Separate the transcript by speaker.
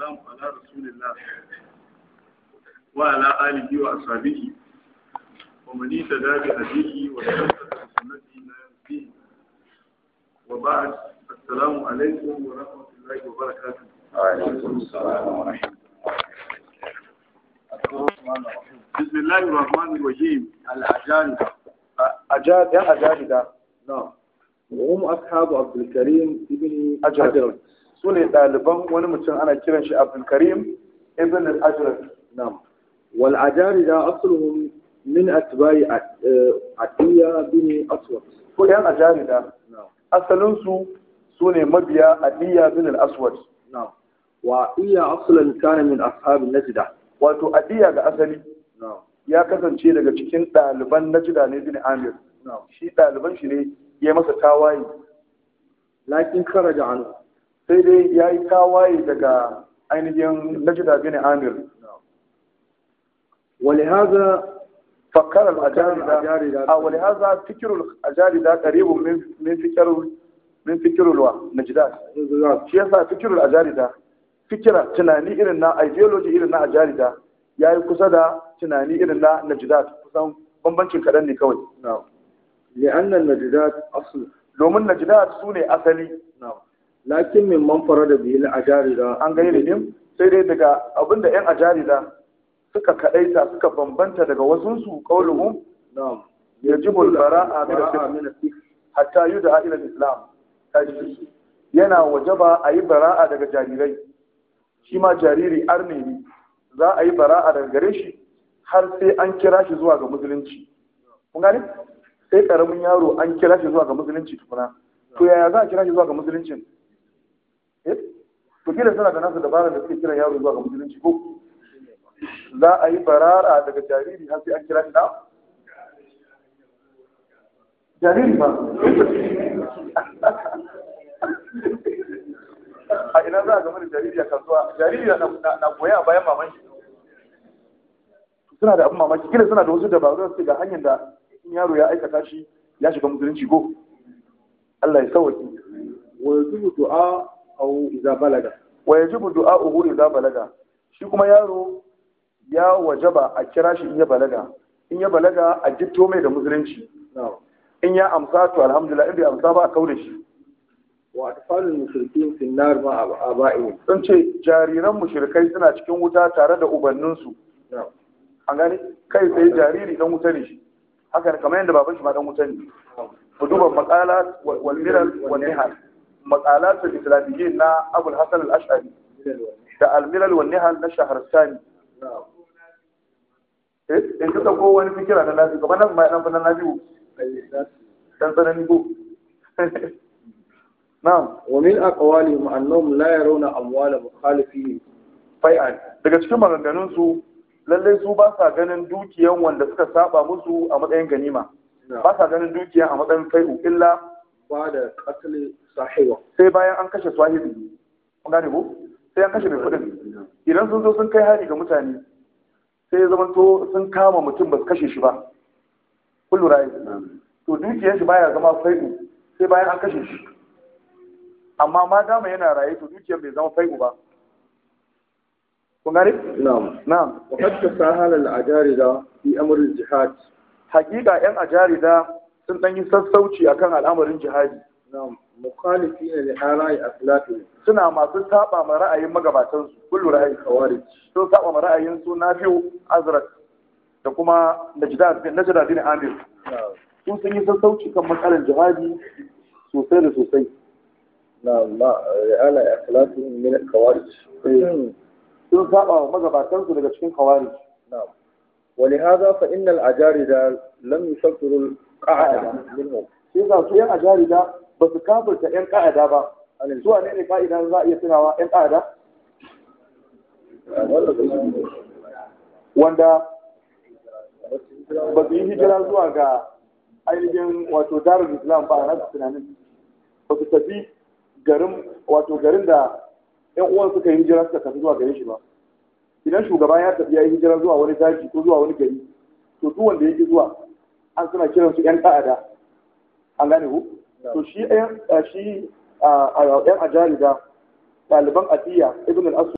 Speaker 1: والسلام على رسول الله وعلى آله وأصحابه ومن اهتدى بهديه واستمسك بسنته إلى يوم الدين وبعد السلام عليكم ورحمة الله وبركاته. وعليكم السلام ورحمة الله بسم الله الرحمن الرحيم الأجانب أجاد يا أجانب نعم وهم أصحاب عبد الكريم ابن أجرد su ne ɗaliban wani mutum ana kiran shi abdulkarim ibn al-ajrak nam wal ajarida asluhum min atba'i atiya eh, bin aswad ko yan ajarida asalin su su ne mabiya atiya bin al-aswad nam wa iya aslan kana min ashabi najda wato atiya ga asali ya kasance daga cikin ɗaliban najda ne bin amir shi ɗaliban shi ne ya masa tawaye lakin karaja anhu sai dai ya yi kawaye daga ainihin lajida bin amir walihaza fakar al-ajarida a walihaza fikirul ajarida karibu min fikirulwa na jida shi yasa fikirul ajarida fikira tunani irin na ideology irin na ajarida ya yi kusa da tunani irin na najidat kusan bambancin kaɗan ne kawai. Ya'an nan najidat asu. Domin najidat su ne asali. lakin min man da biyu a ajarida an gairi din sai dai daga abinda yan ajarida suka kadaita suka bambanta daga wasun su qauluhum na'am yajibu al-bara'a min al-fiqh hatta yud'a ila al-islam yana wajaba ayi bara'a daga jarirai shi ma jariri arne ne za a yi bara'a daga gare shi har sai an kira shi zuwa ga musulunci kun gane sai karamin yaro an kira shi zuwa ga musulunci tukuna to yaya za a kira shi zuwa ga musuluncin kujira suna da nasu dabarar da suke kiran yaro zuwa ga musulunci ko za a yi barara daga jariri har sai an kira shi da jariri ba a ina za a gama da jariri a kasuwa jariri na koya a bayan mamaki suna da abin mamaki kila suna da wasu dabaru da ga hanyar da yaro ya aikata shi ya shiga musulunci ko Allah ya sauwaki wa yuzu du'a aw idza balaga wa yajibu du'a'uhu idza balaga shi kuma yaro ya wajaba a kira shi in ya balaga in ya balaga a gitto mai da musulunci in ya amsa to alhamdulillah in bai amsa ba a kaure shi wa atfalul mushrikin fi nar ma aba'ihim sun ce jariran mushrikai suna cikin wuta tare da ubanninsu an gane kai sai jariri dan wuta ne shi haka kamar yadda baban shi ma dan wuta ne ku duba maqalat wal miral wal nihal مقالات al نا na الحسن al-Ash'ari da al-Milal wa Nihal na Shahrastani eh in duka ko wani fikira na nabi kamar nan mai nan fa na biyu dan ko daga cikin maganganun su lallai su ba sa ganin dukiyan wanda suka saba musu a matsayin ganima ba sa ganin dukiyan a matsayin fai'u illa ba da qatl sai bayan an kashe Swahili. kun gane ko sai an kashe mai kuɗin idan sun zo sun kai hari ga mutane sai ya to sun kama mutum ba su kashe shi ba kullu Rai, to dukiyar shi baya zama fai'u sai bayan an kashe shi amma ma dama yana raye to dukiyar bai zama fai'u ba kun gane na'am na'am wa qad tasahala al-ajarida fi amr al-jihad Hakika yan ajarida sun dan yi sassauci akan al'amarin jihadi na'am mukhalifina li ara'i aslafihim suna masu saba ma ra'ayin magabatan su kullu ra'ayin kawari sun saba ma ra'ayin su nafi'u azrak da kuma najdar bin bin amir sun sun yi sassauci kan matsalar jihadi sosai da sosai na ma ala akhlaqihim min kawari eh, sun saba wa magabatan su daga cikin khawarij na'am ولهذا فإن الأجاردة لم يشكروا القاعدة منهم. إذا سئل أجاردة ba su kafirta yan ka'ada ba zuwa ne ne ka'ida za a iya tunawa yan ka'ada wanda ba su yi hijira zuwa ga ainihin wato darul islam ba a nasu tunanin ba su tafi garin wato garin da yan uwan suka yi hijira suka tafi zuwa gare shi ba idan shugaba ya tafi ya yi hijira zuwa wani daji ko zuwa wani gari to duk wanda yake zuwa an suna kiransu yan ƙa'ada an gane ku to shi ɗayan shi a ɗan ajarida ɗaliban atiya ibn al